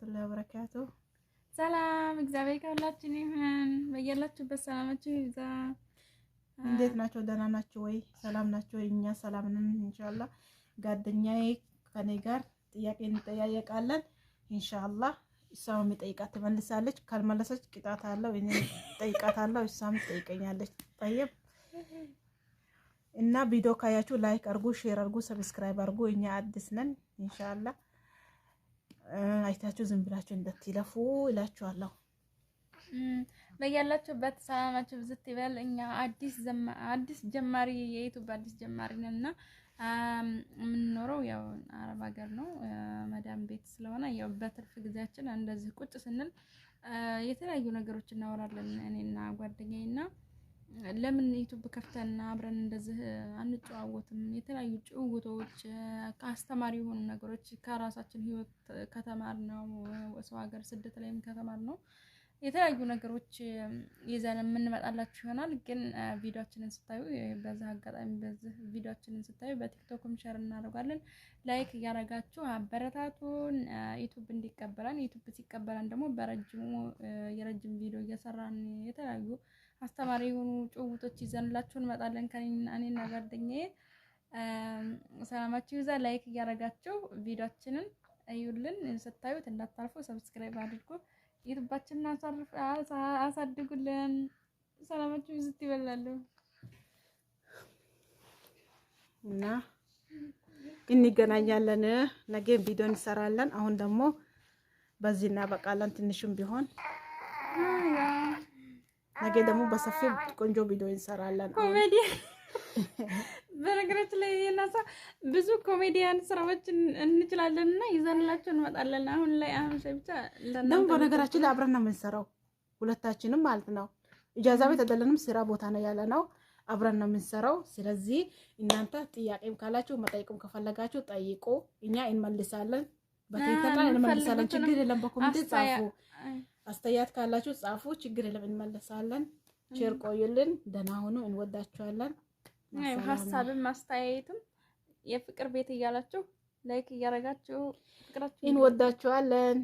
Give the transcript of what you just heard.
ወራህመቱላሂ ወበረካቱ። ሰላም እግዚአብሔር ከሁላችን ይሁን። በያላችሁበት ሰላማችሁ ይብዛ። እንዴት ናቸው? ደህና ናቸው ወይ? ሰላም ናቸው? እኛ ሰላም ነን። ኢንሻአላህ ጓደኛዬ ከኔ ጋር ጥያቄ እንጠያየቃለን። እንሻላ እሷም የሚጠይቃት ትመልሳለች። ካልመለሰች ቅጣት አለው። እኔ እጠይቃታለሁ፣ እሷም ትጠይቀኛለች። ጠየብ እና ቪዲዮ ካያችሁ ላይክ አርጉ፣ ሼር አርጉ፣ ሰብስክራይብ አርጉ። እኛ አዲስ ነን ኢንሻአላህ አይታችሁ ዝም ብላችሁ እንደትለፉ ይላችኋለሁ። በያላችሁበት ሰላማችሁ ብዝት ይበል። እኛ አዲስ አዲስ ጀማሪ የዩቱብ አዲስ ጀማሪ ነን እና የምንኖረው ያው አረብ ሀገር ነው መዳም ቤት ስለሆነ ያው በትርፍ ጊዜያችን እንደዚህ ቁጭ ስንል የተለያዩ ነገሮች እናወራለን እኔና ጓደኛዬ እና ለምን ዩቱብ ከፍተና አብረን እንደዚህ አንጨዋወትም? የተለያዩ ጭውውቶች አስተማሪ የሆኑ ነገሮች ከራሳችን ህይወት ከተማር ነው ሰው ሀገር ስደት ላይም ከተማር ነው የተለያዩ ነገሮች ይዘን የምንመጣላችሁ ይሆናል። ግን ቪዲዮችንን ስታዩ በዚህ አጋጣሚ በዚህ ቪዲዮችንን ስታዩ በቲክቶክም ሸር እናደርጋለን። ላይክ እያደረጋችሁ አበረታቱን፣ ዩቱብ እንዲቀበለን። ዩቱብ ሲቀበለን ደግሞ በረጅሙ የረጅም ቪዲዮ እየሰራን የተለያዩ አስተማሪ የሆኑ ጭውውቶች ይዘንላችሁ እንመጣለን። ከእኔና ጓደኛዬ ሰላማችሁ ይዛ ላይክ እያደረጋችሁ ቪዲዮችንን እዩልን። ስታዩት እንዳታልፉ ሰብስክራይብ አድርጉ። ዩቱባችንን አሳድጉልን። ሰላማችሁ ይዝት ይበላሉ እና እንገናኛለን። ነገም ቪዲዮ እንሰራለን። አሁን ደግሞ በዚህ እናበቃለን። ትንሽም ቢሆን ነገ ደግሞ በሰፊ ቆንጆ ቪዲዮ እንሰራለን። ኮሜዲ በነገራችን ላይ የናሳ ብዙ ኮሜዲያን ስራዎች እንችላለን እና ይዘንላቸው እንመጣለን። አሁን ላይ አሁን ብቻ ደግሞ በነገራችን ላይ አብረን ነው የምንሰራው ሁለታችንም ማለት ነው። እጃዛ ቤት አይደለንም፣ ስራ ቦታ ነው ያለ ነው። አብረን ነው የምንሰራው። ስለዚህ እናንተ ጥያቄም ካላችሁ መጠየቅም ከፈለጋችሁ ጠይቁ፣ እኛ እንመልሳለን። በትክክል እንመልሳለን። ችግር የለም። በኮሚቴ ጻፉ አስተያየት ካላችሁ ጻፉ። ችግር የለም እንመለሳለን። ሼር ቆዩልን። ደህና ሁኑ። እንወዳችኋለን። ሀሳብም አስተያየትም የፍቅር ቤት እያላችሁ ላይክ እያረጋችሁ ፍቅራችሁ እንወዳችኋለን።